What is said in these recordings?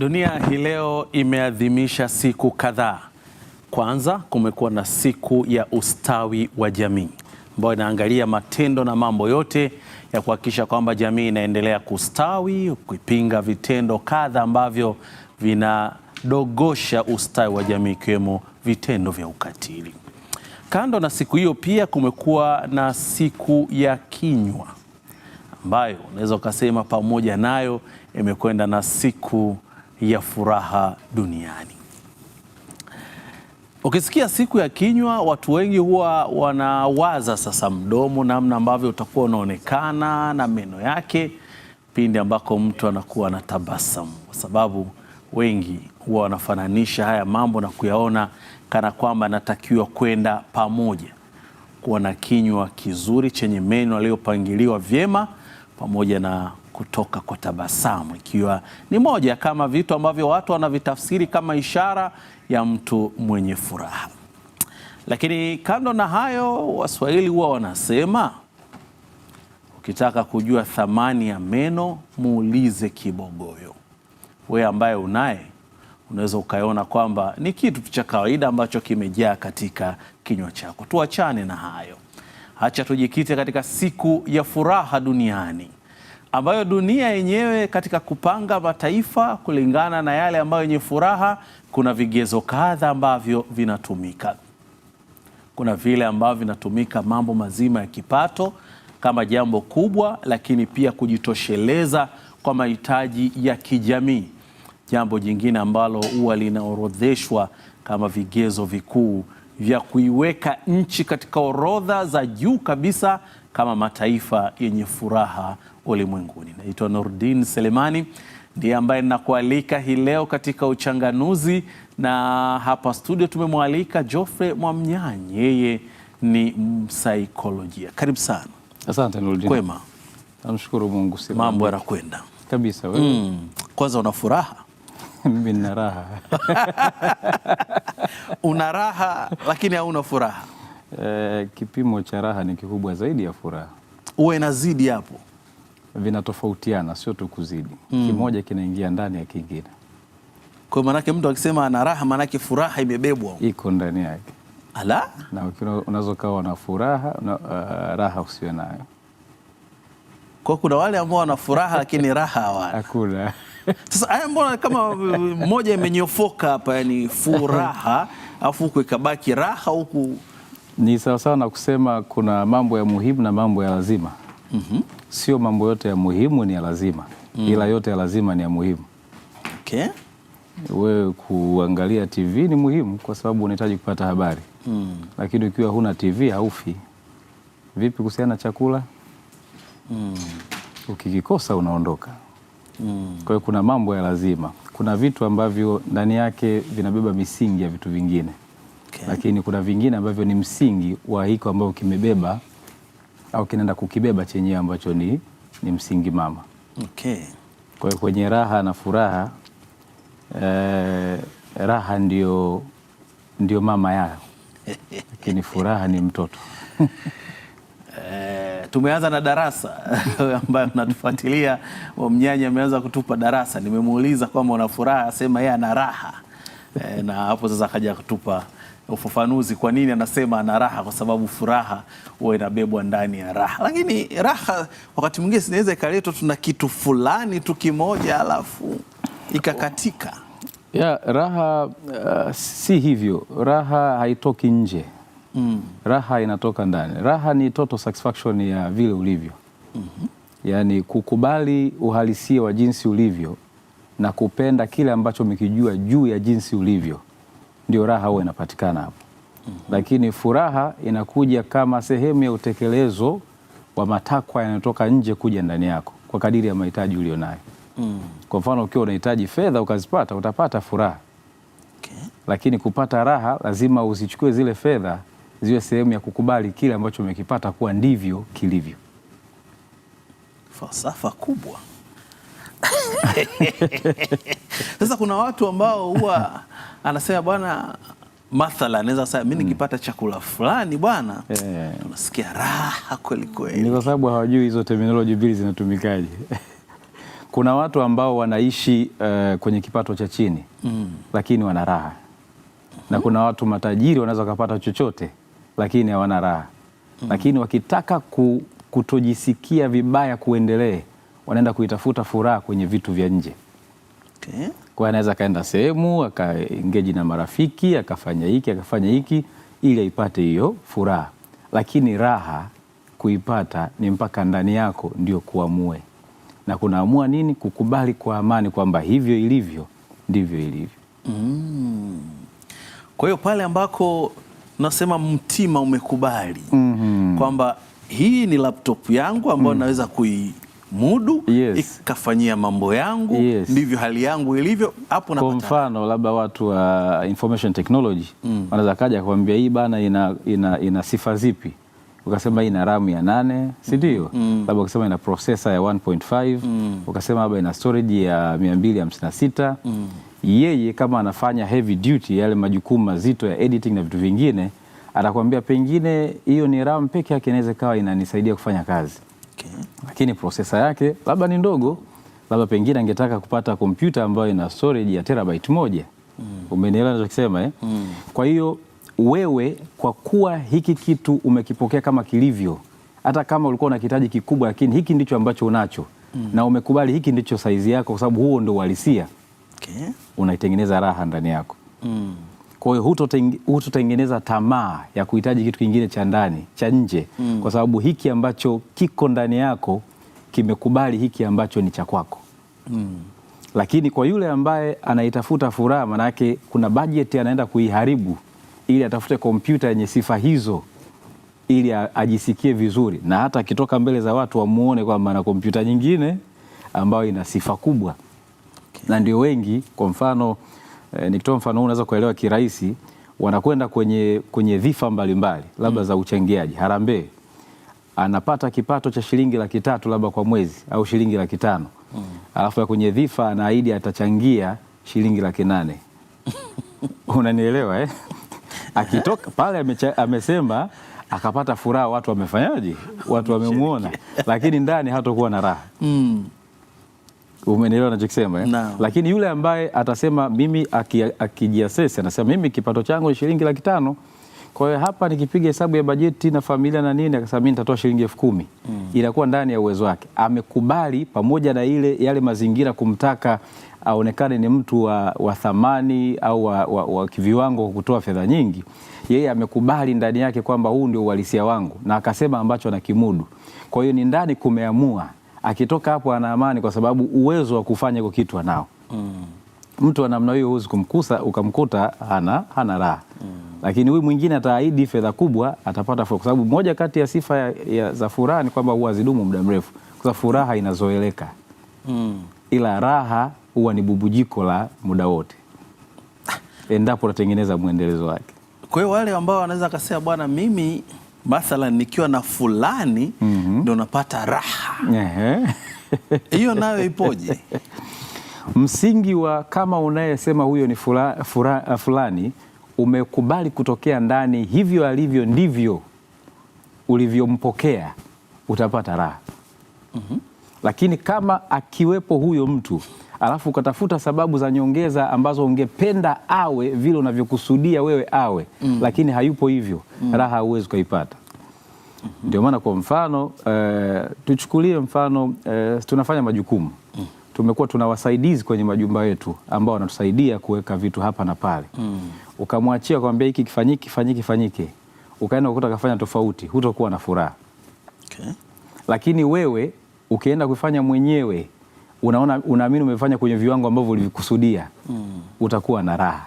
Dunia hii leo imeadhimisha siku kadhaa. Kwanza kumekuwa na siku ya ustawi wa jamii ambayo inaangalia matendo na mambo yote ya kuhakikisha kwamba jamii inaendelea kustawi, kuipinga vitendo kadha ambavyo vinadogosha ustawi wa jamii ikiwemo vitendo vya ukatili. Kando na siku hiyo, pia kumekuwa na siku ya kinywa ambayo unaweza ukasema pamoja nayo imekwenda na siku ya furaha duniani. Ukisikia siku ya kinywa, watu wengi huwa wanawaza sasa mdomo, namna ambavyo utakuwa unaonekana na meno yake pindi ambako mtu anakuwa anatabasamu, kwa sababu wengi huwa wanafananisha haya mambo na kuyaona kana kwamba anatakiwa kwenda pamoja, kuwa na kinywa kizuri chenye meno yaliyopangiliwa vyema pamoja na kutoka kwa tabasamu, ikiwa ni moja kama vitu ambavyo watu wanavitafsiri kama ishara ya mtu mwenye furaha. Lakini kando na hayo, Waswahili huwa wanasema ukitaka kujua thamani ya meno muulize kibogoyo. Wewe ambaye unaye unaweza ukaona kwamba ni kitu cha kawaida ambacho kimejaa katika kinywa chako. Tuachane na hayo, hacha tujikite katika siku ya furaha duniani ambayo dunia yenyewe katika kupanga mataifa kulingana na yale ambayo yenye furaha, kuna vigezo kadha ambavyo vinatumika. Kuna vile ambavyo vinatumika mambo mazima ya kipato kama jambo kubwa, lakini pia kujitosheleza kwa mahitaji ya kijamii. Jambo jingine ambalo huwa linaorodheshwa kama vigezo vikuu vya kuiweka nchi katika orodha za juu kabisa kama mataifa yenye furaha ulimwenguni. Naitwa Nurdin Selemani, ndiye ambaye ninakualika hii leo katika Uchanganuzi, na hapa studio tumemwalika Jofre Mwamnyanyi, yeye ni msaikolojia. Karibu sana. Asante Nurdin. Kwema? Namshukuru Mungu. Mambo yanakwenda kabisa. Wewe mm. Kwanza una furaha? Mimi nina raha. Una raha lakini hauna furaha. E, kipimo cha raha ni kikubwa zaidi ya furaha. Uwe nazidi hapo vinatofautiana, sio tu kuzidi mm. Kimoja kinaingia ndani ya kingine. Kwa maanake mtu akisema ana raha, maanake furaha imebebwa, iko ndani yake. Ala, na unaweza ukawa na furaha na, uh, raha usiwe nayo kwa kuna wale ambao wana furaha lakini raha hawana. Hakuna. Sasa haya mbona kama mmoja uh, imenyofoka hapa, yani furaha afu huku ikabaki raha huku. Ni sawasawa na kusema kuna mambo ya muhimu na mambo ya lazima. -hmm. Sio mambo yote ya muhimu ni ya lazima mm -hmm. Ila yote ya lazima ni ya muhimu okay. Wewe kuangalia TV ni muhimu kwa sababu unahitaji kupata habari mm -hmm. Lakini ukiwa huna TV haufi. Vipi kuhusiana na chakula mm -hmm. Ukikikosa unaondoka mm Kwa hiyo kuna mambo ya lazima, kuna vitu ambavyo ndani yake vinabeba misingi ya vitu vingine okay. Lakini kuna vingine ambavyo ni msingi wa hiko ambayo kimebeba au kinaenda kukibeba chenyewe ambacho ni, ni msingi mama okay. Kwa hiyo kwenye raha na furaha eh, raha ndio, ndio mama yao lakini furaha ni mtoto eh, tumeanza na darasa ambayo natufuatilia Mnyanya ameanza kutupa darasa. Nimemuuliza kwamba una furaha, asema yeye ana raha eh, na hapo sasa akaja kutupa ufafanuzi kwa nini anasema ana raha, kwa sababu furaha huwa inabebwa ndani ya raha. Lakini raha wakati mwingine zinaweza ikaletwa, tuna kitu fulani tu kimoja alafu ikakatika. Yeah, raha uh, si hivyo. Raha haitoki nje mm. Raha inatoka ndani. Raha ni total satisfaction ya vile ulivyo mm -hmm. Yaani kukubali uhalisia wa jinsi ulivyo na kupenda kile ambacho umekijua juu ya jinsi ulivyo ndio raha huwa inapatikana hapo. mm -hmm. Lakini furaha inakuja kama sehemu ya utekelezo wa matakwa yanayotoka nje kuja ndani yako kwa kadiri ya mahitaji ulionayo. mm. Kwa mfano ukiwa unahitaji fedha ukazipata, utapata furaha okay. Lakini kupata raha lazima uzichukue zile fedha ziwe sehemu ya kukubali kile ambacho umekipata kuwa ndivyo kilivyo. Falsafa kubwa. Sasa kuna watu ambao huwa anasema bwana mathala naweza sema mimi hmm. nikipata chakula fulani bwana, yeah. Unasikia raha kweli kweli. Ni kwa sababu hawajui hizo terminology mbili zinatumikaje. Kuna watu ambao wanaishi uh, kwenye kipato cha chini mm. lakini wana raha na hmm. kuna watu matajiri wanaweza kupata chochote lakini hawana raha mm. lakini wakitaka ku, kutojisikia vibaya kuendelee, wanaenda kuitafuta furaha kwenye vitu vya nje okay. Kwa anaweza akaenda sehemu akaengeji na marafiki akafanya hiki akafanya hiki ili aipate hiyo furaha, lakini raha kuipata ni mpaka ndani yako ndio kuamue, na kunaamua nini? Kukubali kwa amani kwamba hivyo ilivyo ndivyo ilivyo. Mm. Kwa hiyo pale ambako nasema mtima umekubali mm -hmm. kwamba hii ni laptop yangu ambayo mm. naweza kui mudu yes. ikafanyia mambo yangu ndivyo hali yangu ilivyo hapo. Kwa mfano labda watu wa information technology mm. wanaweza kaja kuambia hii bana ina, ina, ina sifa zipi, ukasema hii ina RAM ya nane si ndio? mm. mm. labda ukasema ina processor ya 1.5 mm. ukasema labda ina storage ya 256 mm. yeye kama anafanya heavy duty, yale majukumu mazito ya editing na vitu vingine, atakwambia pengine hiyo ni RAM peke yake inaweza kawa inanisaidia kufanya kazi okay. Lakini prosesa yake labda ni ndogo, labda pengine angetaka kupata kompyuta ambayo ina storage ya terabyte moja mm. Umenielewa nachokisema eh? mm. Kwa hiyo wewe kwa kuwa hiki kitu umekipokea kama kilivyo, hata kama ulikuwa na kitaji kikubwa, lakini hiki ndicho ambacho unacho mm. na umekubali hiki ndicho saizi yako, kwa sababu huo ndo uhalisia okay. Unaitengeneza raha ndani yako mm. Kwa hiyo hutotengeneza tamaa ya kuhitaji kitu kingine cha ndani cha nje mm. kwa sababu hiki ambacho kiko ndani yako kimekubali hiki ambacho ni cha kwako mm. Lakini kwa yule ambaye anaitafuta furaha, manake kuna bajeti anaenda kuiharibu ili atafute kompyuta yenye sifa hizo ili ajisikie vizuri, na hata akitoka mbele za watu wamuone kwamba ana kompyuta nyingine ambayo ina sifa kubwa okay. na ndio wengi, kwa mfano eh, nikitoa mfano unaweza kuelewa kirahisi, wanakwenda kwenye, kwenye dhifa mbalimbali labda mm. za uchangiaji. Harambee anapata kipato cha shilingi laki tatu labda kwa mwezi au shilingi laki tano mm. alafu ya kwenye dhifa anaahidi atachangia shilingi laki nane unanielewa eh? akitoka pale amesema akapata furaha, watu wamefanyaje? Watu wamemwona, lakini ndani hatakuwa na raha mm. Umenielewa nachokisema eh? No. Lakini yule ambaye atasema mimi akijiasesi anasema mimi kipato changu ni shilingi laki tano kwa hiyo hapa nikipiga hesabu ya bajeti na familia na nini, akasema mimi nitatoa shilingi elfu kumi mm. Inakuwa ndani ya uwezo wake, amekubali pamoja na ile yale mazingira kumtaka aonekane ni mtu wa, wa thamani au wa, wa, wa kiviwango kwa kutoa fedha nyingi. Yeye amekubali ndani yake kwamba huu ndio uhalisia wangu, na akasema ambacho anakimudu. Kwa hiyo ni ndani kumeamua akitoka hapo ana amani, kwa sababu uwezo wa kufanya hiko kitu anao. mm. Mtu wa namna hiyo huwezi kumkusa ukamkuta hana hana raha mm. Lakini huyu mwingine ataahidi fedha kubwa atapata furaha, kwa sababu moja kati ya sifa ya, ya, za furaha ni kwamba huwa zidumu muda mrefu, kwa sababu furaha inazoeleka mm. Ila raha huwa ni bubujiko la muda wote ah. endapo natengeneza mwendelezo wake. Kwa hiyo wale ambao wanaweza akasema bwana, mimi mathalan nikiwa na fulani mm ndo napata raha hiyo nayo ipoje? Msingi wa kama unayesema huyo ni fula, fula, eh, fulani umekubali kutokea ndani, hivyo alivyo ndivyo ulivyompokea, utapata raha mm -hmm. Lakini kama akiwepo huyo mtu alafu ukatafuta sababu za nyongeza ambazo ungependa awe vile unavyokusudia wewe awe mm. Lakini hayupo hivyo mm. Raha huwezi ukaipata. Ndio maana kwa mfano e, tuchukulie mfano e, tunafanya majukumu mm. Tumekuwa tuna wasaidizi kwenye majumba yetu ambao wanatusaidia kuweka vitu hapa na pale mm. Ukamwachia kwambia hiki kifanyiki kifanyiki fanyike, ukaenda ukuta kafanya tofauti, hutakuwa na furaha okay. Lakini wewe ukienda kufanya mwenyewe unaona unaamini umefanya kwenye viwango ambavyo ulivikusudia mm. Utakuwa na raha.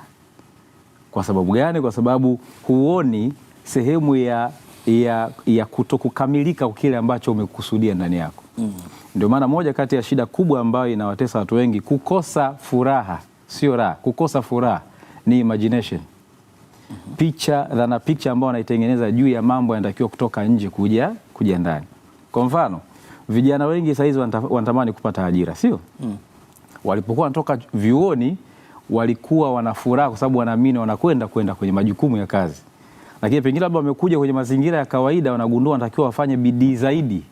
Kwa sababu gani? Kwa sababu huoni sehemu ya ya, ya kutokukamilika kile ambacho umekusudia ndani yako mm. Ndio maana moja kati ya shida kubwa ambayo inawatesa watu wengi kukosa furaha, sio raha, kukosa furaha ni imagination mm -hmm. Picha dhana picha ambayo wanaitengeneza juu ya mambo yanatakiwa kutoka nje kuja kuja ndani. Kwa mfano vijana wengi sasa hizi wanatamani kupata ajira, sio mm. Walipokuwa wanatoka vyuoni walikuwa wana furaha kwa sababu wanaamini wanakwenda kwenda kwenye majukumu ya kazi lakini pengine labda wamekuja kwenye mazingira ya kawaida, wanagundua wanatakiwa wafanye bidii zaidi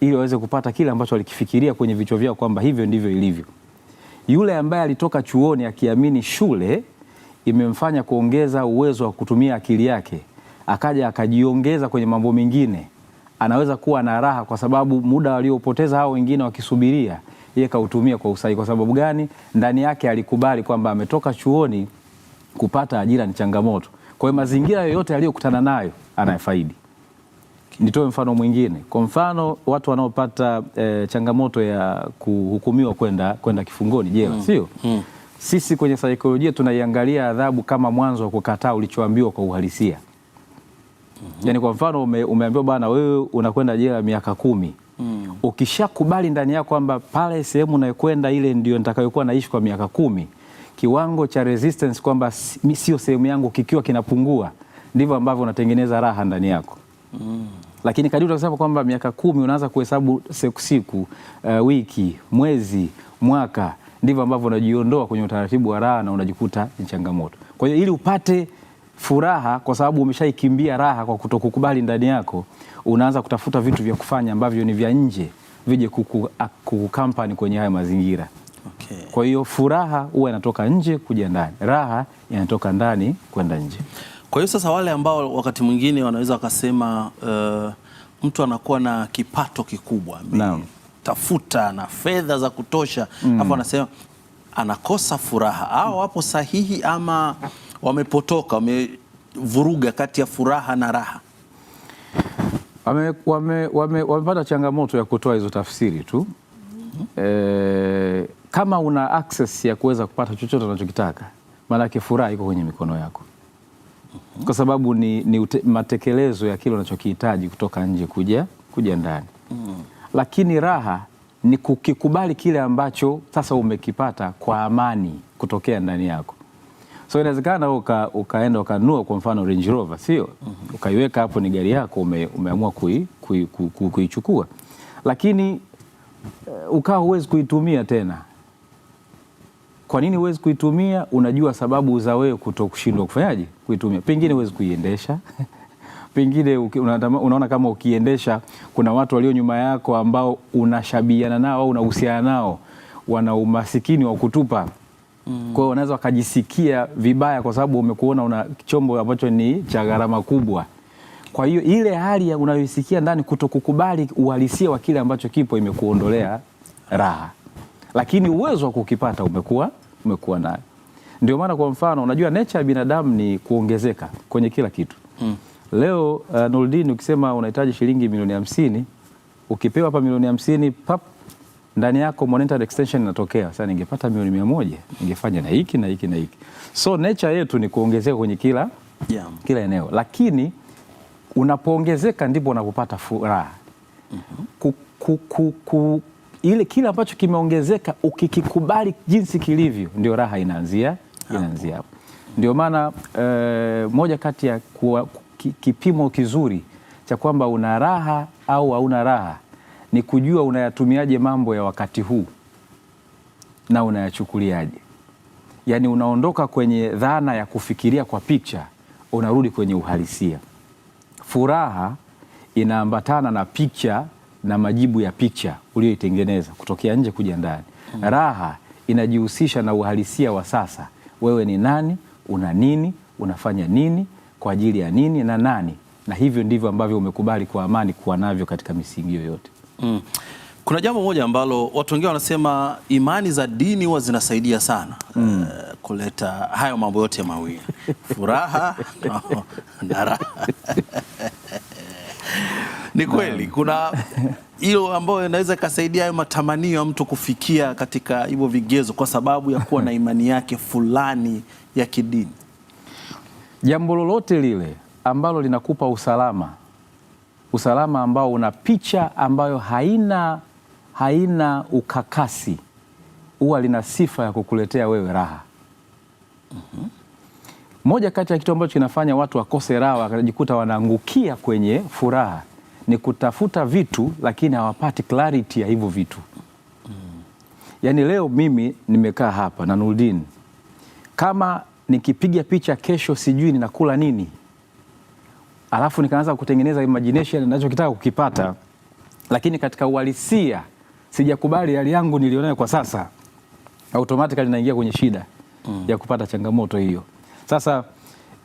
ili waweze kupata kile ambacho walikifikiria kwenye vichwa vyao kwamba hivyo ndivyo ilivyo. Yule ambaye alitoka chuoni akiamini shule imemfanya kuongeza uwezo wa kutumia akili yake, akaja akajiongeza kwenye mambo mengine, anaweza kuwa na raha kwa sababu muda waliopoteza hao wengine wakisubiria, yeye kautumia kwa usahihi. Kwa sababu gani? Ndani yake alikubali kwamba ametoka chuoni kupata ajira ni changamoto. Kwa hiyo mazingira yoyote aliyokutana nayo anayefaidi. Nitoe mfano mwingine, kwa mfano watu wanaopata e, changamoto ya kuhukumiwa kwenda kwenda kifungoni jela, mm. sio mm. Sisi kwenye saikolojia tunaiangalia adhabu kama mwanzo wa kukataa ulichoambiwa kwa uhalisia. mm -hmm. Yani kwa mfano ume, umeambiwa bana, wewe unakwenda jela miaka kumi. mm. Ukishakubali ndani yako kwamba pale sehemu unayokwenda ile ndio nitakayokuwa naishi kwa miaka kumi kiwango cha resistance kwamba sio sehemu yangu kikiwa kinapungua, ndivyo ambavyo unatengeneza raha ndani yako mm. Lakini kadri utasema kwamba miaka kumi unaanza kuhesabu siku siku, uh, eh, wiki, mwezi, mwaka, ndivyo ambavyo unajiondoa kwenye utaratibu wa raha na unajikuta ni changamoto. Kwa hiyo ili upate furaha kwa sababu umeshaikimbia raha kwa kutokukubali ndani yako, unaanza kutafuta vitu vya kufanya ambavyo ni vya nje vije kukukampani kwenye haya mazingira. Okay. Kwa hiyo furaha huwa inatoka nje kuja ndani, raha inatoka ndani kwenda nje. Kwa hiyo sasa, wale ambao wakati mwingine wanaweza wakasema uh, mtu anakuwa na kipato kikubwa tafuta na fedha za kutosha mm. Hapo anasema anakosa furaha au mm. wapo sahihi ama wamepotoka, wamevuruga kati ya furaha na raha? Wame, wame, wame, wamepata changamoto ya kutoa hizo tafsiri tu mm -hmm. E, kama una access ya kuweza kupata chochote unachokitaka, maanake furaha iko kwenye mikono yako, mhm. kwa sababu ni, ni ute, matekelezo ya kile unachokihitaji kutoka nje kuja kuja ndani mm. Lakini raha ni kukikubali kile ambacho sasa umekipata kwa amani kutokea ndani yako. So inawezekana uka, ukaenda ukanua kwa mfano Range Rover, sio mm -hmm. Ukaiweka hapo, ni gari yako, ume, umeamua kuichukua kui, kui, kui, kui, lakini eh, ukawa huwezi kuitumia tena kwa nini huwezi kuitumia? Unajua sababu za wewe kuto kushindwa kufanyaje kuitumia. Pengine huwezi kuiendesha pengine unaona kama ukiendesha kuna watu walio nyuma yako ambao unashabiana nao au unahusiana nao wana umasikini wa kutupa mm. Kwa hiyo wanaweza wakajisikia vibaya kwa sababu umekuona una chombo ambacho ni cha gharama kubwa. Kwa hiyo ile hali unayoisikia ndani, kutokukubali uhalisia wa kile ambacho kipo, imekuondolea raha lakini uwezo wa kukipata umekuwa umekuwa nayo. Ndio maana kwa mfano, unajua nature ya binadamu ni kuongezeka kwenye kila kitu hmm. Leo uh, Nurdin ukisema unahitaji shilingi milioni hamsini ukipewa hapa milioni hamsini pap ndani yako monetary extension inatokea. Sasa ningepata milioni mia moja ningefanya na hiki na hiki na hiki. So nature yetu ni kuongezeka kwenye kila yeah. kila eneo, lakini unapoongezeka ndipo unapopata furaha mm -hmm ile kile ambacho kimeongezeka ukikikubali jinsi kilivyo, ndio raha inaanzia inaanzia hapo. Ndio maana e, moja kati ya kipimo kizuri cha kwamba una raha au hauna raha ni kujua unayatumiaje mambo ya wakati huu na unayachukuliaje. Yaani unaondoka kwenye dhana ya kufikiria kwa picha, unarudi kwenye uhalisia. Furaha inaambatana na picha na majibu ya picha uliyoitengeneza kutokea nje kuja ndani. Hmm. Raha inajihusisha na uhalisia wa sasa. Wewe ni nani? Una nini? Unafanya nini? Kwa ajili ya nini na nani? Na hivyo ndivyo ambavyo umekubali kwa amani kuwa navyo katika misingi yoyote. Hmm. Kuna jambo moja ambalo watu wengine wanasema imani za dini huwa zinasaidia sana hmm. uh, kuleta hayo mambo yote mawili furaha na raha Ni kweli kuna hilo ambayo inaweza ikasaidia hayo matamanio ya mtu kufikia katika hivyo vigezo, kwa sababu ya kuwa na imani yake fulani ya kidini. Jambo lolote lile ambalo linakupa usalama, usalama ambao una picha ambayo haina haina ukakasi, huwa lina sifa ya kukuletea wewe raha. mm-hmm. Moja kati ya kitu ambacho kinafanya watu wakose raha wakajikuta wanaangukia kwenye furaha ni kutafuta vitu lakini hawapati clarity ya hivyo vitu mm. Yaani leo mimi nimekaa hapa na Nurdin, kama nikipiga picha kesho sijui ninakula nini, alafu nikaanza kutengeneza imagination ninachokitaka kukipata mm. Lakini katika uhalisia sijakubali hali yangu nilionayo kwa sasa, automatically naingia kwenye shida mm. ya kupata changamoto hiyo. Sasa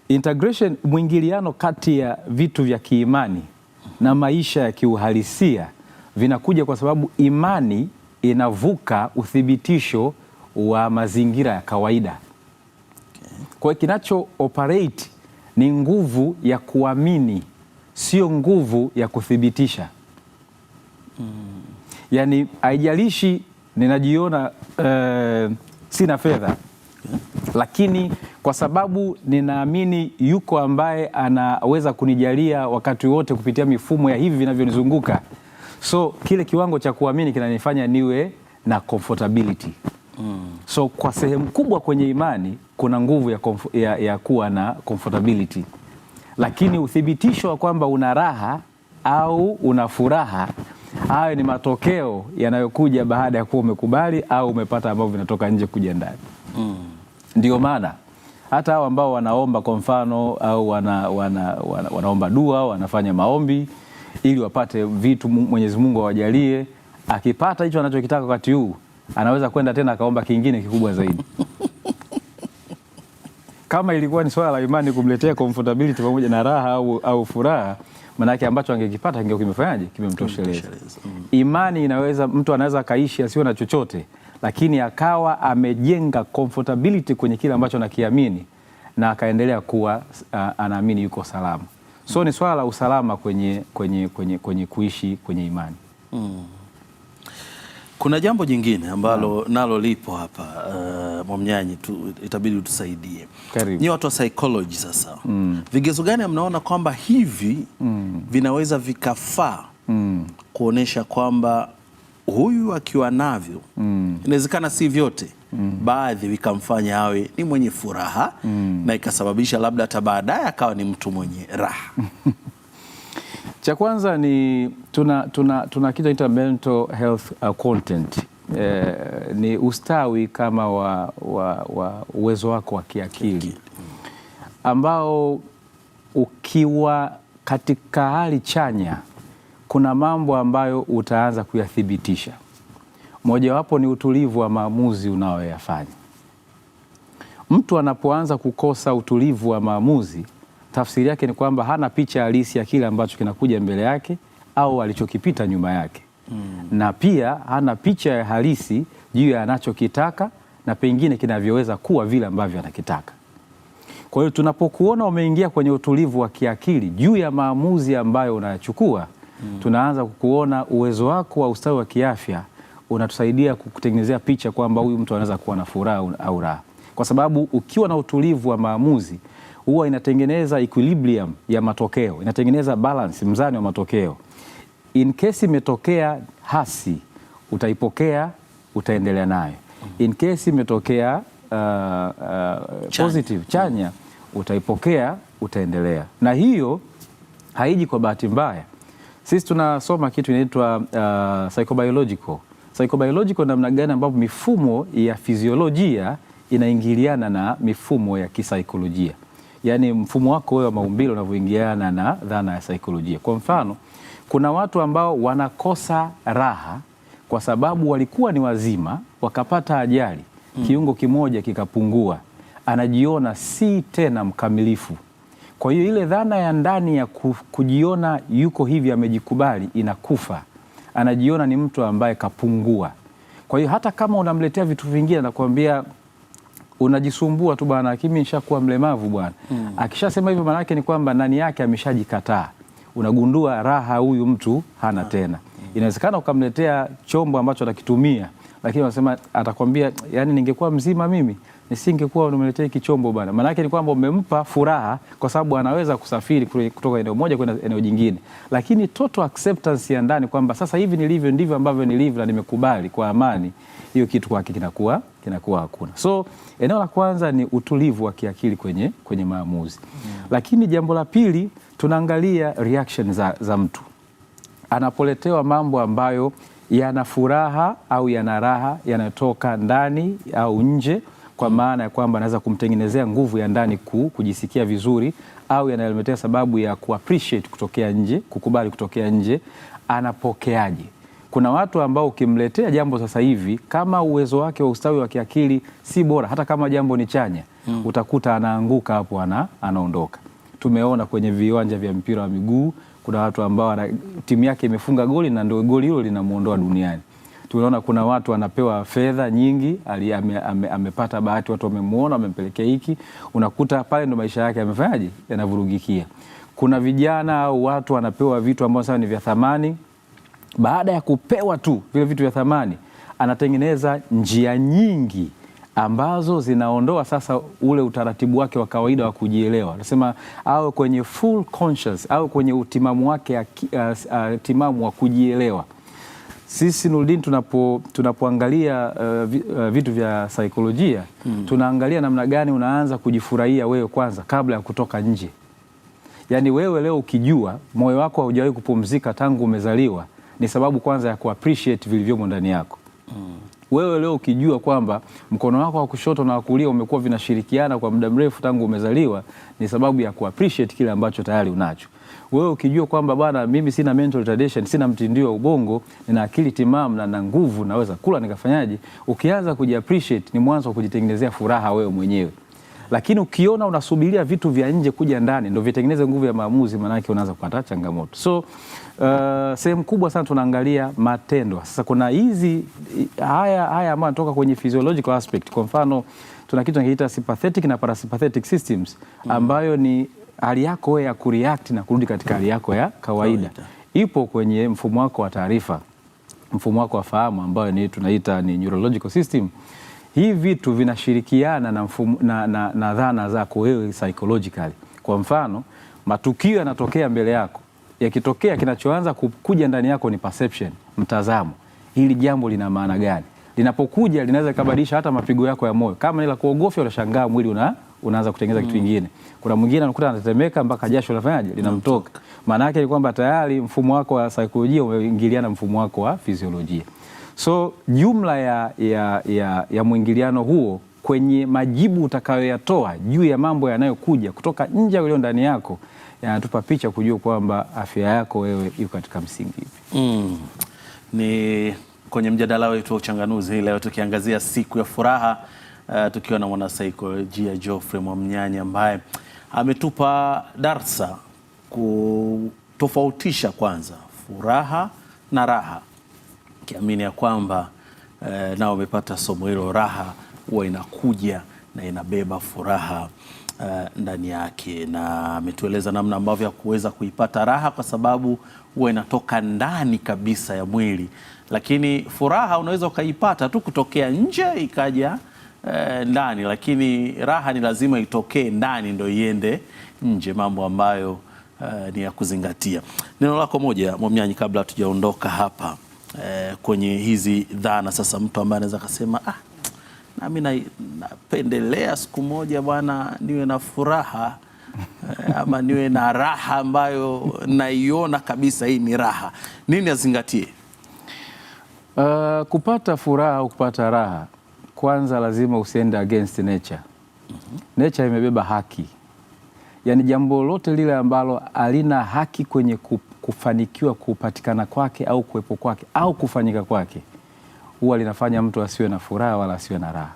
integration, mwingiliano kati ya vitu vya kiimani na maisha ya kiuhalisia vinakuja kwa sababu imani inavuka uthibitisho wa mazingira ya kawaida. Kwa hiyo kinacho operate ni nguvu ya kuamini, sio nguvu ya kuthibitisha. Yaani haijalishi ninajiona, uh, sina fedha lakini kwa sababu ninaamini yuko ambaye anaweza kunijalia wakati wote kupitia mifumo ya hivi vinavyonizunguka. So kile kiwango cha kuamini kinanifanya niwe na comfortability. Mm. So kwa sehemu kubwa kwenye imani kuna nguvu ya, ya, ya kuwa na comfortability, lakini uthibitisho wa kwamba una raha au una furaha, hayo ni matokeo yanayokuja baada ya kuwa umekubali au umepata ambavyo vinatoka nje kuja ndani. Mm. Ndio maana hata hao ambao wanaomba kwa mfano au wana, wana, wana, wanaomba dua, wanafanya maombi ili wapate vitu Mwenyezi Mungu awajalie. Akipata hicho anachokitaka wakati huu, anaweza kwenda tena akaomba kingine kikubwa zaidi. Kama ilikuwa ni swala la imani kumletea comfortability pamoja na raha au, au furaha, manake ambacho angekipata kingekuwa kimefanyaje, kimemtosheleza. Mm. Imani inaweza, mtu anaweza akaishi asiwe na chochote lakini akawa amejenga comfortability kwenye kile ambacho nakiamini na akaendelea kuwa uh, anaamini yuko salama. So ni swala la usalama kwenye, kwenye, kwenye, kwenye kuishi kwenye imani hmm. Kuna jambo jingine ambalo hmm. nalo lipo hapa uh, Mwamnyanyi tu, itabidi utusaidie ni watu wa psychology sasa hmm. Vigezo gani mnaona kwamba hivi hmm. vinaweza vikafaa mm. kuonesha kwamba huyu akiwa navyo mm. inawezekana si vyote mm. baadhi vikamfanya awe ni mwenye furaha mm. na ikasababisha labda hata baadaye akawa ni mtu mwenye raha cha kwanza ni tuna, tuna, tuna kitu inaitwa mental health uh, content eh, ni ustawi kama wa, wa, wa uwezo wako wa kiakili ambao ukiwa katika hali chanya kuna mambo ambayo utaanza kuyathibitisha. Mojawapo ni utulivu wa maamuzi unayoyafanya. Mtu anapoanza kukosa utulivu wa maamuzi, tafsiri yake ni kwamba hana picha halisi ya kile ambacho kinakuja mbele yake au alichokipita nyuma yake mm. na pia hana picha ya halisi juu ya anachokitaka na pengine kinavyoweza kuwa vile ambavyo anakitaka. Kwa hiyo tunapokuona umeingia kwenye utulivu wa kiakili juu ya maamuzi ambayo unayachukua mm. tunaanza kuona uwezo wako wa ustawi wa kiafya unatusaidia kukutengenezea picha kwamba huyu mtu anaweza kuwa na furaha au raha, kwa sababu ukiwa na utulivu wa maamuzi huwa inatengeneza equilibrium ya matokeo, inatengeneza balance, mzani wa matokeo. In case imetokea hasi, utaipokea, utaendelea nayo. Mm. In case imetokea uh, uh, positive chanya, utaipokea, utaendelea na hiyo. Haiji kwa bahati mbaya. Sisi tunasoma kitu inaitwa uh, psychobiological. Psychobiological namna gani ambapo mifumo ya fiziolojia inaingiliana na mifumo ya kisaikolojia, yaani mfumo wako wewe wa maumbile unavyoingiliana na dhana ya saikolojia. Kwa mfano, kuna watu ambao wanakosa raha kwa sababu walikuwa ni wazima, wakapata ajali, hmm. kiungo kimoja kikapungua, anajiona si tena mkamilifu. Kwa hiyo ile dhana ya ndani ya kujiona yuko hivi amejikubali inakufa, anajiona ni mtu ambaye kapungua. Kwa hiyo hata kama unamletea vitu vingine, nakwambia unajisumbua tu bwana, lakini nishakuwa mlemavu bwana mm. Akishasema hivyo, maanake ni kwamba ndani yake ameshajikataa. Unagundua raha huyu mtu hana ah. tena. Hmm. Inawezekana ukamletea chombo ambacho anakitumia lakini anasema atakwambia, yani ningekuwa mzima mimi nisingekuwa nimeletea hiki chombo bana. Maana yake ni kwamba umempa furaha, kwa sababu anaweza kusafiri kutoka eneo moja kwenda eneo jingine, lakini total acceptance ya ndani kwamba sasa hivi nilivyo ndivyo ambavyo nilivyo na nimekubali kwa amani, hiyo kitu kwake kinakuwa kinakuwa hakuna. So eneo la kwanza ni utulivu wa kiakili kwenye, kwenye maamuzi yeah. Lakini jambo la pili tunaangalia reaction za, za mtu anapoletewa mambo ambayo yana furaha au yana raha, yanatoka ndani au nje kwa mm. maana ya kwamba anaweza kumtengenezea nguvu ya ndani ku, kujisikia vizuri au yanayomletea sababu ya ku kutokea nje, kukubali kutokea nje, anapokeaje? Kuna watu ambao ukimletea jambo sasa hivi, kama uwezo wake wa ustawi wa kiakili si bora, hata kama jambo ni chanya mm, utakuta anaanguka hapo, ana anaondoka. Tumeona kwenye viwanja vya mpira wa miguu kuna watu ambao timu yake imefunga goli na ndio goli hilo linamuondoa duniani tunaona kuna watu wanapewa fedha nyingi, amepata ame, ame bahati, watu wamemwona, wamempelekea hiki, unakuta pale ndo maisha yake yamefanyaje, yanavurugikia. Kuna vijana au watu wanapewa vitu ambao sasa ni vya thamani. Baada ya kupewa tu vile vitu vya thamani, anatengeneza njia nyingi ambazo zinaondoa sasa ule utaratibu wake wa kawaida wa kujielewa. Anasema awe kwenye full conscious, awe kwenye utimamu wake, uh, uh, timamu wa kujielewa sisi Nurdin, tunapo tunapoangalia uh, vitu vya saikolojia hmm. tunaangalia namna gani unaanza kujifurahia wewe kwanza kabla ya kutoka nje. Yaani wewe leo ukijua moyo wako haujawahi kupumzika tangu umezaliwa, ni sababu kwanza ya kuappreciate vilivyomo ndani yako hmm. Wewe leo ukijua kwamba mkono wako wa kushoto na wa kulia umekuwa vinashirikiana kwa muda mrefu tangu umezaliwa, ni sababu ya kuappreciate kile ambacho tayari unacho. Wewe ukijua kwamba bwana, mimi sina mental retardation, sina mtindio wa ubongo, nina akili timamu na na nguvu, naweza kula nikafanyaje, ukianza kuji appreciate ni mwanzo wa kujitengenezea furaha wewe mwenyewe. Lakini ukiona unasubiria vitu vya nje kuja ndani ndio vitengeneze nguvu ya maamuzi, maanake unaanza kupata changamoto. So uh, sehemu kubwa sana tunaangalia matendo. Sasa kuna hizi haya haya ambayo yanatoka kwenye physiological aspect, kwa mfano tuna kitu kinaitwa sympathetic na parasympathetic systems mm. ambayo ni hali yako ya kureact na kurudi katika hali yako ya kawaida ipo kwenye mfumo wako wa taarifa, mfumo wako wa fahamu ambayo ni tunaita ni neurological system. Hii vitu vinashirikiana na, na, na, na dhana zako wewe psychologically. Kwa mfano matukio yanatokea mbele yako, yakitokea kinachoanza kukuja ndani yako ni perception, mtazamo. Hili jambo lina maana gani? Linapokuja linaweza kubadilisha hata mapigo yako ya moyo, kama ni la kuogofya, utashangaa mwili una unaanza kutengeneza mm. kitu kingine. Kuna mwingine anakuta anatetemeka mpaka jasho lafanyaje linamtoka. Maana yake ni kwamba tayari mfumo wako wa saikolojia umeingiliana mfumo wako wa fiziolojia. So jumla ya, ya, ya, ya mwingiliano huo kwenye majibu utakayoyatoa juu ya mambo yanayokuja kutoka nje ya ulio ndani yako yanatupa picha kujua kwamba afya yako wewe iko katika msingi ipi. Mm. Ni kwenye mjadala wetu wa Uchanganuzi leo tukiangazia siku ya furaha uh, eh, tukiwa na mwanasaikolojia Geoffrey Mwamnyanya ambaye ametupa darsa kutofautisha kwanza furaha na raha, kiamini ya kwamba uh, nao amepata somo hilo. Raha huwa inakuja na inabeba furaha uh, ndani yake, na ametueleza namna ambavyo ya kuweza kuipata raha, kwa sababu huwa inatoka ndani kabisa ya mwili, lakini furaha unaweza ukaipata tu kutokea nje ikaja eh, ndani, lakini raha ni lazima itokee ndani ndo iende nje, mambo ambayo uh, ni ya kuzingatia. Neno lako moja Mwamnyanyi, kabla hatujaondoka hapa eh, kwenye hizi dhana sasa, mtu ambaye anaweza akasema ah, nami napendelea siku moja bwana niwe na furaha eh, ama niwe na raha ambayo naiona kabisa, hii ni raha. Nini azingatie uh, kupata furaha au kupata raha? kwanza lazima usiende against nature. Nature imebeba haki, yaani jambo lote lile ambalo alina haki kwenye kufanikiwa kupatikana kwake au kuwepo kwake au kufanyika kwake huwa linafanya mtu asiwe na furaha wala asiwe na raha.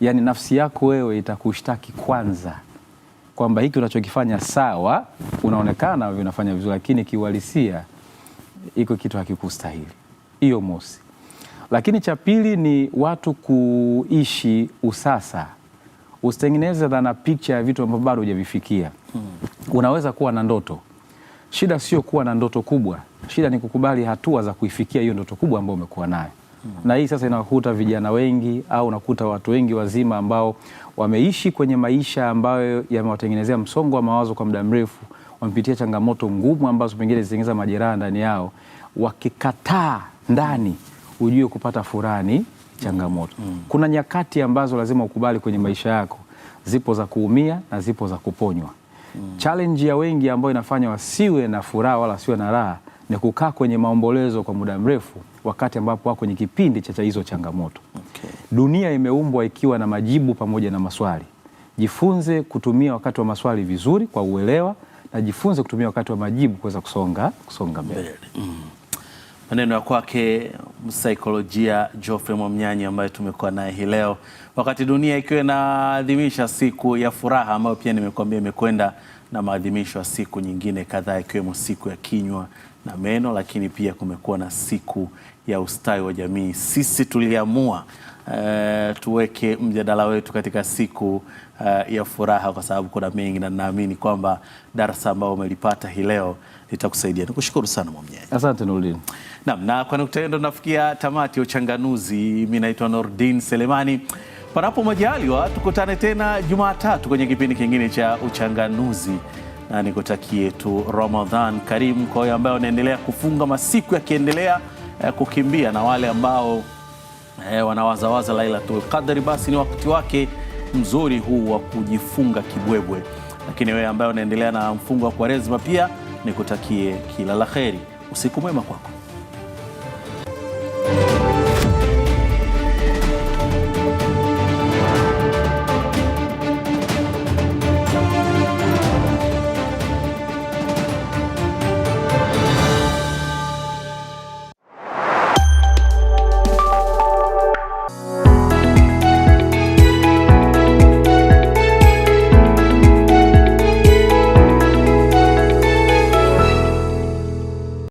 Yaani nafsi yako wewe itakushtaki kwanza kwamba hiki unachokifanya sawa, unaonekana unafanya vizuri, lakini kiuhalisia iko kitu hakikustahili. Hiyo mosi. Lakini cha pili ni watu kuishi usasa, usitengeneze dhana picha ya vitu ambavyo bado hujavifikia. Hmm. Unaweza kuwa na ndoto, shida sio kuwa na ndoto kubwa, shida ni kukubali hatua za kuifikia hiyo ndoto kubwa ambayo umekuwa nayo. Hmm. Na hii sasa inakuta vijana wengi au unakuta watu wengi wazima ambao wameishi kwenye maisha ambayo yamewatengenezea msongo wa mawazo kwa muda mrefu, wamepitia changamoto ngumu ambazo pengine zitengeneza majeraha ndani yao, wakikataa ndani ujue kupata furaha ni changamoto. mm -hmm. Kuna nyakati ambazo lazima ukubali kwenye maisha yako, zipo za kuumia na zipo za kuponywa. mm Challenge ya wengi ambayo inafanya wasiwe na furaha wala wasiwe na raha ni kukaa kwenye maombolezo kwa muda mrefu, wakati ambapo wako kwenye kipindi cha hizo changamoto. okay. Dunia imeumbwa ikiwa na majibu pamoja na maswali. Jifunze kutumia wakati wa maswali vizuri kwa uelewa, na jifunze kutumia wakati wa majibu kuweza kusonga kusonga mbele. mm Maneno ya kwake msaikolojia Geoffrey Mwamnyanyi ambaye tumekuwa naye hii leo, wakati dunia ikiwa inaadhimisha siku ya furaha ambayo pia nimekuambia imekwenda na maadhimisho ya siku nyingine kadhaa ikiwemo siku ya kinywa na meno, lakini pia kumekuwa na siku ya ustawi wa jamii. Sisi tuliamua Eh, tuweke mjadala wetu katika siku uh, ya furaha, kwa sababu kuna mengi na ninaamini kwamba darasa ambayo umelipata hii leo litakusaidia. Nikushukuru sana Mwamnyayi. Asante Nurdin. Naam, na kwa nukta hiyo ndo nafikia tamati ya uchanganuzi. Mimi naitwa Nurdin Selemani. Panapo majaliwa, tukutane tena Jumatatu kwenye kipindi kingine cha uchanganuzi, na nikutakie tu Ramadhan karimu kwa wale ambao wanaendelea kufunga masiku yakiendelea eh, kukimbia na wale ambao eh, wanawazawaza Lailatul Qadri, basi ni wakati wake mzuri huu wa kujifunga kibwebwe. Lakini wewe ambaye unaendelea na mfungo wa Kwaresma, pia nikutakie kila la kheri, usiku mwema kwako.